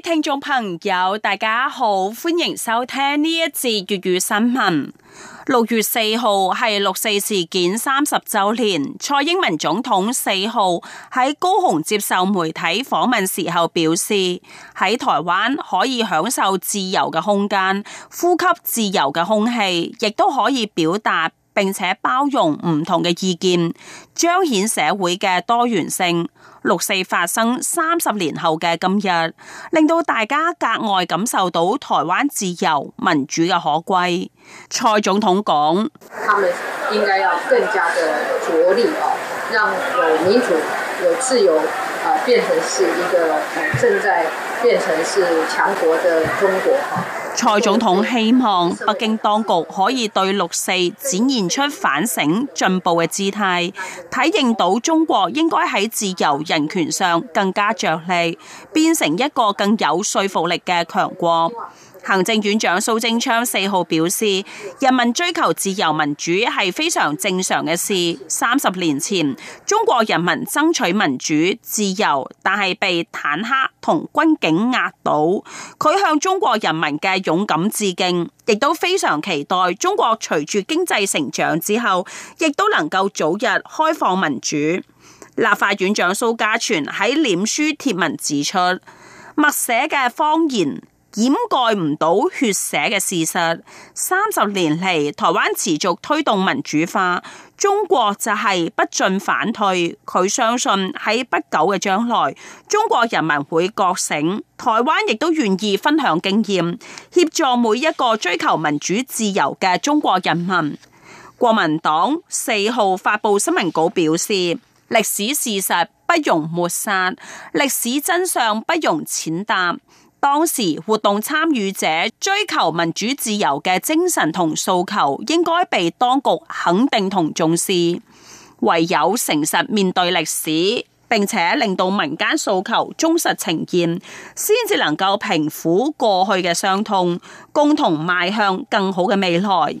聽眾朋友，大家好，歡迎收聽呢一節粵語新聞。六月四號，係六四事件三十周年，蔡英文總統四號喺高雄接受媒體訪問時候表示，喺台灣可以享受自由嘅空間，呼吸自由嘅空氣，亦都可以表達。並且包容唔同嘅意見，彰顯社會嘅多元性。六四發生三十年後嘅今日，令到大家格外感受到台灣自由民主嘅可貴。蔡總統講：他們應該要更加的着力哦，讓有民主、有自由啊，變成是一個正在變成是強國的中國。蔡總統希望北京當局可以對六四展現出反省進步嘅姿態，體認到中國應該喺自由人權上更加著力，變成一個更有說服力嘅強國。行政院長蘇貞昌四號表示，人民追求自由民主係非常正常嘅事。三十年前，中國人民爭取民主自由，但係被坦克同軍警壓倒。佢向中國人民嘅勇敢致敬，亦都非常期待中國隨住經濟成長之後，亦都能夠早日開放民主。立法院長蘇嘉全喺臉書貼文指出，默寫嘅謊言，掩蓋唔到血寫嘅事實。三十年嚟，台灣持續推動民主化，中國就係不進反退。佢相信喺不久嘅將來，中國人民會覺醒，台灣亦都願意分享經驗，協助每一個追求民主自由嘅中國人民。國民黨四號發布新聞稿表示：歷史事實不容抹殺，歷史真相不容踐踏」當時活動參與者追求民主自由嘅精神同訴求，應該被當局肯定同重視。唯有誠實面對歷史，並且令到民間訴求忠實呈現，先至能夠平撫過去嘅傷痛，共同邁向更好嘅未來。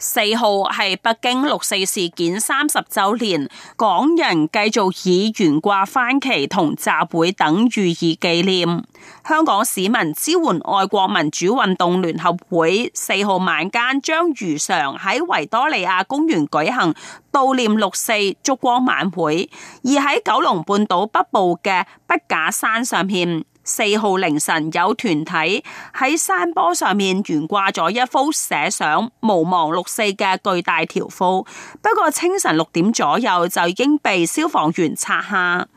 四號係北京六四事件三十周年，港人繼續以懸掛番旗同集會等寓意紀念。香港市民支援愛國民主運動聯合會四號晚間將如常喺維多利亞公園舉行悼念六四燭光晚會，而喺九龍半島北部嘅筆架山上獻四號凌晨有團體喺山坡上面懸掛咗一幅寫上“毋忘六四”嘅巨大條幅，不過清晨六點左右就已經被消防員拆下。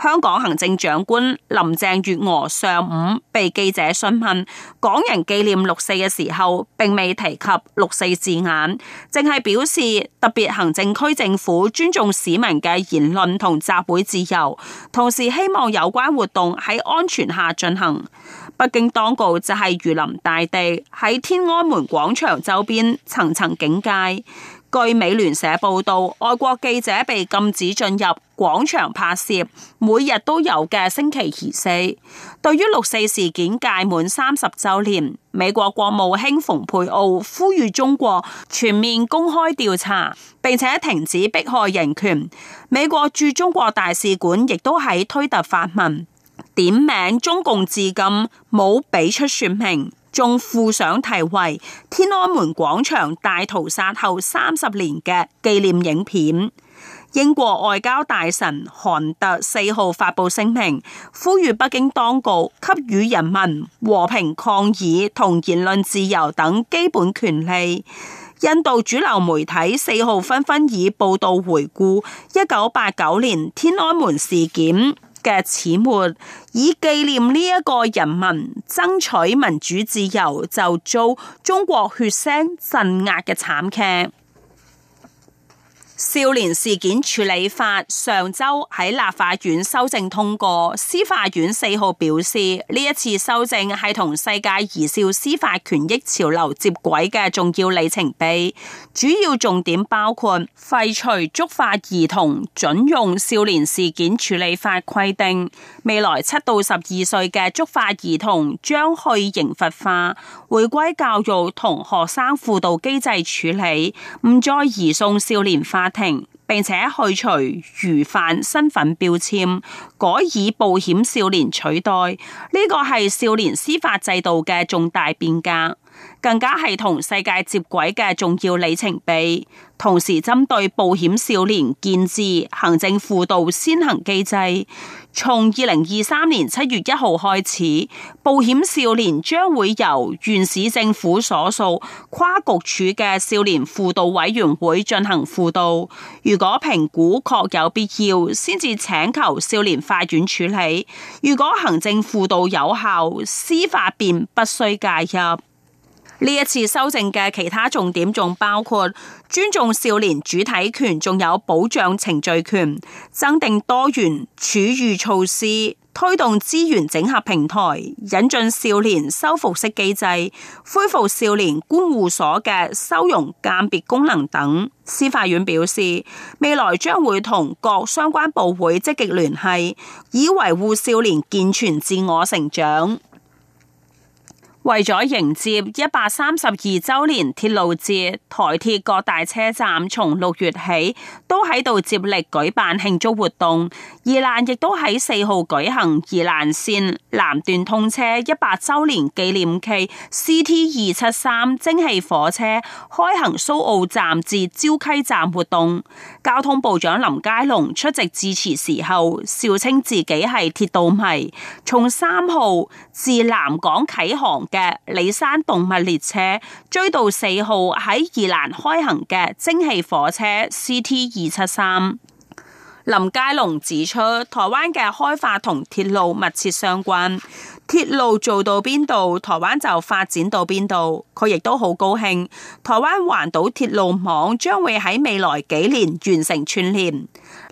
香港行政長官林鄭月娥上午被記者詢問，港人紀念六四嘅時候，並未提及六四字眼，淨係表示特別行政區政府尊重市民嘅言論同集會自由，同時希望有關活動喺安全下進行。北京當局就係如臨大敵，喺天安門廣場周邊層層警戒。據美聯社報道，外國記者被禁止進入廣場拍攝，每日都有嘅星期二四。對於六四事件屆滿三十周年，美國國務卿蓬佩奧呼籲中國全面公開調查，並且停止迫害人權。美國駐中國大使館亦都喺推特發文，點名中共至今冇俾出說明。仲附上題為《天安門廣場大屠殺後三十年》嘅紀念影片。英國外交大臣韓特四號發布聲明，呼籲北京當局給予人民和平抗議同言論自由等基本權利。印度主流媒體四號紛紛以報道回顧一九八九年天安門事件。嘅始末，以紀念呢一個人民爭取民主自由就遭中國血腥鎮壓嘅慘劇。少年事件處理法上周喺立法院修正通過，司法院四號表示呢一次修正係同世界兒少司法權益潮流接軌嘅重要里程碑，主要重點包括廢除觸法兒童準用少年事件處理法規定，未來七到十二歲嘅觸法兒童將去刑罰化，回歸教育同學生輔導機制處理，唔再移送少年法。停，並且去除虞犯身份標籤，改以曝險少年取代。呢個係少年司法制度嘅重大變革。更加係同世界接軌嘅重要里程碑。同時針對保險少年建置行政輔導先行機制，從二零二三年七月一號開始，保險少年將會由縣市政府所屬跨局處嘅少年輔導委員會進行輔導。如果評估確有必要，先至請求少年法院處理。如果行政輔導有效，司法便不須介入。呢一次修正嘅其他重點仲包括尊重少年主體權，仲有保障程序權，增訂多元處遇措施，推動資源整合平台，引進少年修復式機制，恢復少年觀護所嘅收容鑑別功能等。司法院表示，未來將會同各相關部會積極聯繫，以維護少年健全自我成長。為咗迎接一百三十二周年鐵路節，台鐵各大車站從六月起都喺度接力舉辦慶祝活動。宜蘭亦都喺四號舉行宜蘭線南段通車一百周年紀念期，C T 二七三蒸汽火車開行蘇澳站至礁溪站活動。交通部長林佳龍出席致辭時候笑稱自己係鐵道迷，從三號至南港啟航。嘅里山動物列車追到四號喺宜蘭開行嘅蒸汽火車 C T 二七三，林佳龍指出，台灣嘅開發同鐵路密切相關，鐵路做到邊度，台灣就發展到邊度。佢亦都好高興，台灣環島鐵路網將會喺未來幾年完成串連。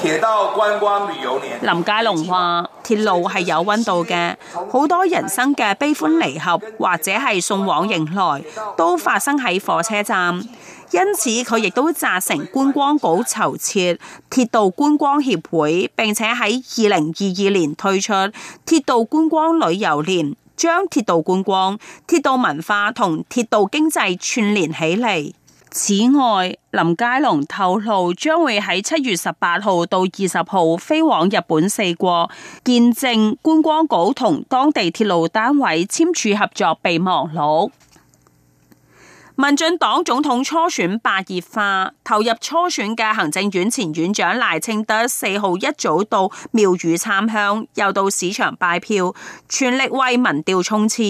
鐵道觀光旅遊年。林佳龍話：鐵路係有溫度嘅，好多人生嘅悲歡離合或者係送往迎來都發生喺火車站。因此，佢亦都贊成觀光局籌設鐵道觀光協會，並且喺二零二二年推出鐵道觀光旅遊年，將鐵道觀光、鐵道文化同鐵道經濟串聯起嚟。此外，林佳龍透露，將會喺七月十八號到二十號飛往日本四國，見證觀光局同當地鐵路單位簽署合作備忘錄。民進黨總統初選白熱化，投入初選嘅行政院前院長賴清德四號一早到廟宇參香，又到市場拜票，全力為民調衝刺。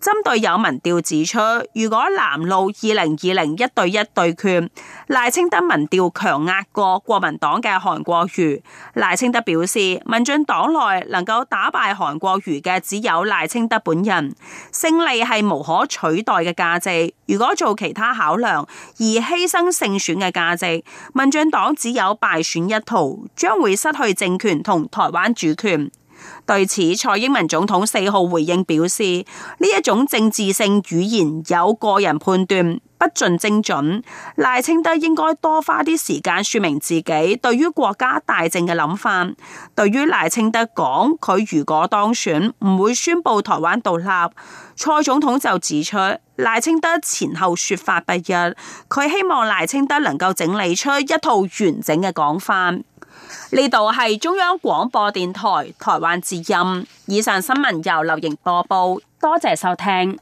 針對有民調指出，如果藍綠二零二零一對一對決，賴清德民調強壓過國民黨嘅韓國瑜，賴清德表示，民進黨內能夠打敗韓國瑜嘅只有賴清德本人，勝利係無可取代嘅價值。如果做其他考量而犧牲勝選嘅價值，民進黨只有敗選一途，將會失去政權同台灣主權。對此，蔡英文總統四號回應表示，呢一種政治性語言有個人判斷，不盡精準。賴清德應該多花啲時間說明自己對於國家大政嘅諗法。對於賴清德講，佢如果當選，唔會宣布台灣獨立，蔡總統就指出，賴清德前後說法不一，佢希望賴清德能夠整理出一套完整嘅講法。呢度係中央廣播電台台灣之音。以上新聞由劉瑩播報，多謝收聽。